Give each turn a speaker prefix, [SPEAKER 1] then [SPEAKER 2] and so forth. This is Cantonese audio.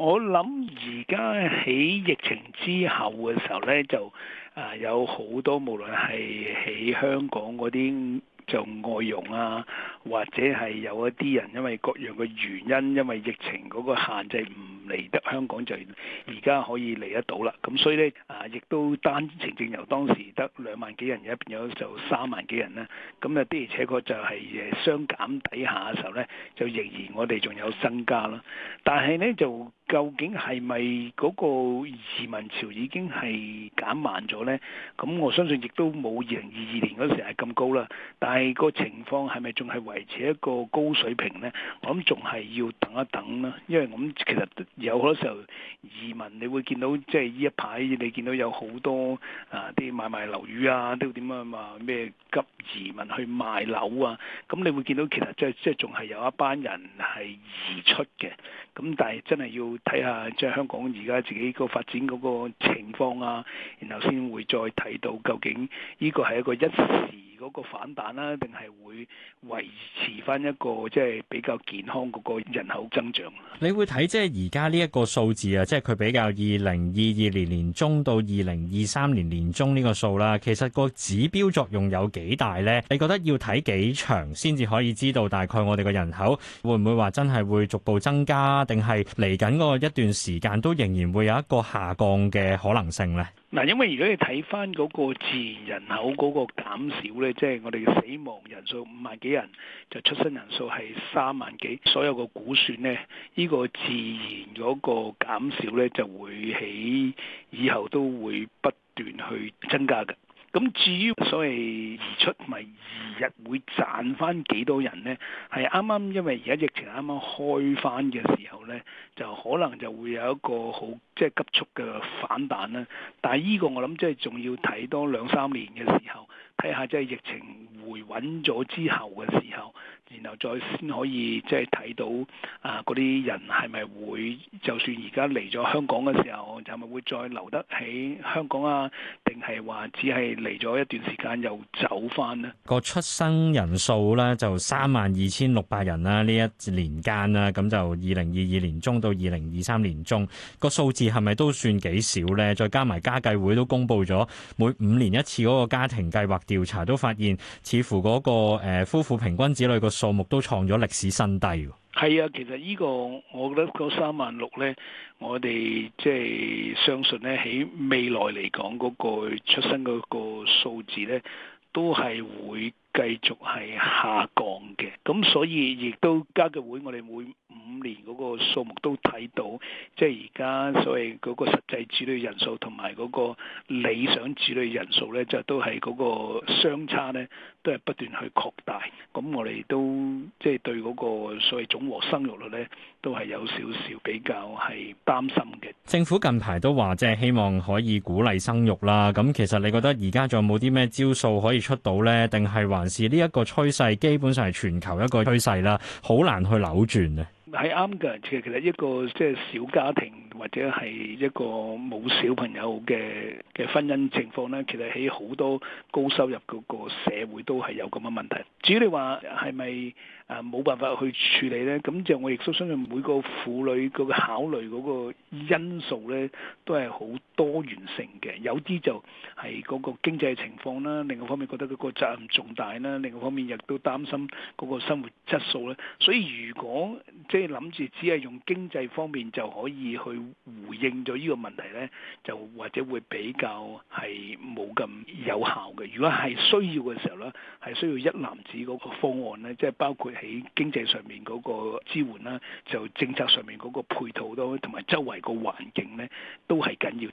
[SPEAKER 1] 我諗而家喺疫情之後嘅時候呢，就有好多無論係喺香港嗰啲做外傭啊，或者係有一啲人因為各樣嘅原因，因為疫情嗰個限制唔，嚟得香港就而家可以嚟得到啦，咁所以呢，啊，亦都單程證由當時得兩萬幾人一邊有就三萬幾人啦，咁啊的而且確就係誒相減底下嘅時候呢，就仍然我哋仲有增加啦。但係呢，就究竟係咪嗰個移民潮已經係減慢咗呢？咁我相信亦都冇二零二二年嗰時係咁高啦。但係個情況係咪仲係維持一個高水平呢？我諗仲係要等一等啦，因為我其實。有好多時候移民，你會見到即係呢一排，你見到有好多啊啲買賣樓宇啊，都點樣啊嘛咩急移民去賣樓啊，咁你會見到其實即係即係仲係有一班人係移出嘅，咁但係真係要睇下即係香港而家自己個發展嗰個情況啊，然後先會再睇到究竟呢個
[SPEAKER 2] 係一個一時。
[SPEAKER 1] 嗰個反彈啦，定係會維持翻一個即係比較健康嗰個人口增長。
[SPEAKER 2] 你會睇即係而家呢一個數字啊，即係佢比較二零二二年年中到二零二三年年中呢個數啦。其實個指標作用有幾大咧？你覺得要睇幾長先至可以知道大概我哋嘅人口會唔會話真係會逐步增加，定係嚟緊嗰一段時間都仍然會有一個下降嘅可能性咧？
[SPEAKER 1] 嗱，因為如果你睇翻嗰個自然人口嗰個減少咧，即係我哋嘅死亡人數五萬幾人，就出生人數係三萬幾，所有個估算咧，呢個自然嗰個減少咧就會喺以後都會不斷去增加嘅。咁至於所謂移出，咪二日會賺翻幾多人呢？係啱啱因為而家疫情啱啱開翻嘅時候呢，就可能就會有一個好即係急速嘅反彈啦。但係呢個我諗即係仲要睇多兩三年嘅時候，睇下即係疫情回穩咗之後嘅時候，然後再先可以即係睇到啊嗰啲人係咪會就算而家嚟咗香港嘅時候，就咪會再留得起香港啊？係話只係嚟咗一段時間又走翻啦。
[SPEAKER 2] 個出生人數咧就三萬二千六百人啦，呢一年間啦，咁就二零二二年中到二零二三年中個數字係咪都算幾少咧？再加埋家計會都公布咗每五年一次嗰個家庭計劃調查都發現，似乎嗰個誒夫婦平均子女個數目都創咗歷史新低。
[SPEAKER 1] 係啊，其實呢個我覺得個三萬六呢，我哋即係相信呢，喺未來嚟講，嗰個出生嗰個數字呢，都係會，繼續係下降嘅，咁所以亦都家計會我哋每五年嗰個數目都睇到，即係而家所謂嗰個實際子女人數同埋嗰個理想子女人數咧，就都係嗰個相差咧，都係不斷去擴大。咁我哋都即係對嗰個所謂總和生育率咧，都係有少少比較係擔心
[SPEAKER 2] 嘅。政府近排都話即係希望可以鼓勵生育啦。咁其實你覺得而家仲有冇啲咩招數可以出到咧？定係話？是呢一個趨勢，基本上係全球一個趨勢啦，好難去扭轉嘅。
[SPEAKER 1] 係啱㗎，其實一個即係小家庭或者係一個冇小朋友嘅嘅婚姻情況呢，其實喺好多高收入嗰個社會都係有咁嘅問題。至於你話係咪啊冇辦法去處理呢？咁就我亦都相信每個婦女嗰個考慮嗰個因素呢，都係好多元性嘅。有啲就係嗰個經濟情況啦，另一方面覺得嗰個責任重大啦，另一方面亦都擔心嗰個生活質素啦。所以如果即係，即係諗住只係用經濟方面就可以去回應咗呢個問題呢，就或者會比較係冇咁有效嘅。如果係需要嘅時候呢，係需要一攬子嗰個方案呢，即係包括喺經濟上面嗰個支援啦，就政策上面嗰個配套都，同埋周圍個環境呢，都係緊要。